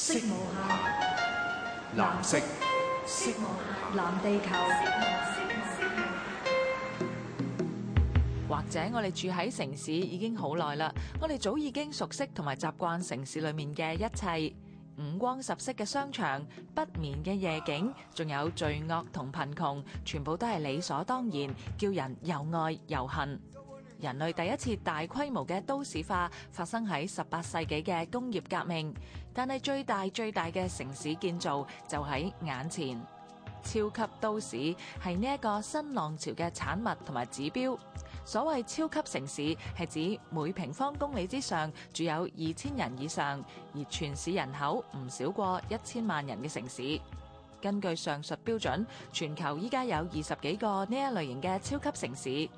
色無限，藍色，色無限，藍地球。或者，我哋住喺城市已經好耐啦，我哋早已經熟悉同埋習慣城市裏面嘅一切，五光十色嘅商場、不眠嘅夜景，仲有罪惡同貧窮，全部都係理所當然，叫人又愛又恨。人類第一次大規模嘅都市化發生喺十八世紀嘅工業革命，但係最大最大嘅城市建造就喺眼前。超級都市係呢一個新浪潮嘅產物同埋指標。所謂超級城市係指每平方公里之上住有二千人以上，而全市人口唔少過一千萬人嘅城市。根據上述標準，全球依家有二十幾個呢一類型嘅超級城市。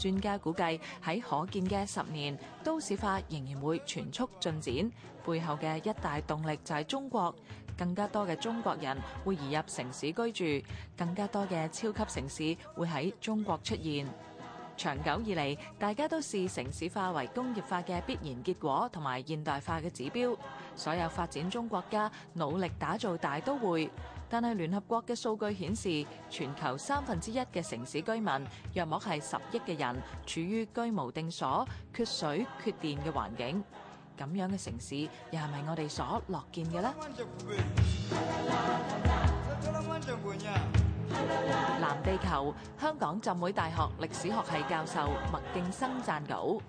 專家估計，喺可見嘅十年，都市化仍然會全速進展，背後嘅一大動力就係中國，更加多嘅中國人會移入城市居住，更加多嘅超級城市會喺中國出現。長久以嚟，大家都視城市化為工業化嘅必然結果，同埋現代化嘅指標。所有發展中國家努力打造大都會，但係聯合國嘅數據顯示，全球三分之一嘅城市居民，約莫係十億嘅人，處於居無定所、缺水、缺電嘅環境。咁樣嘅城市，又係咪我哋所樂見嘅呢？藍地球，香港浸會大學歷史學系教授麥勁生撰稿。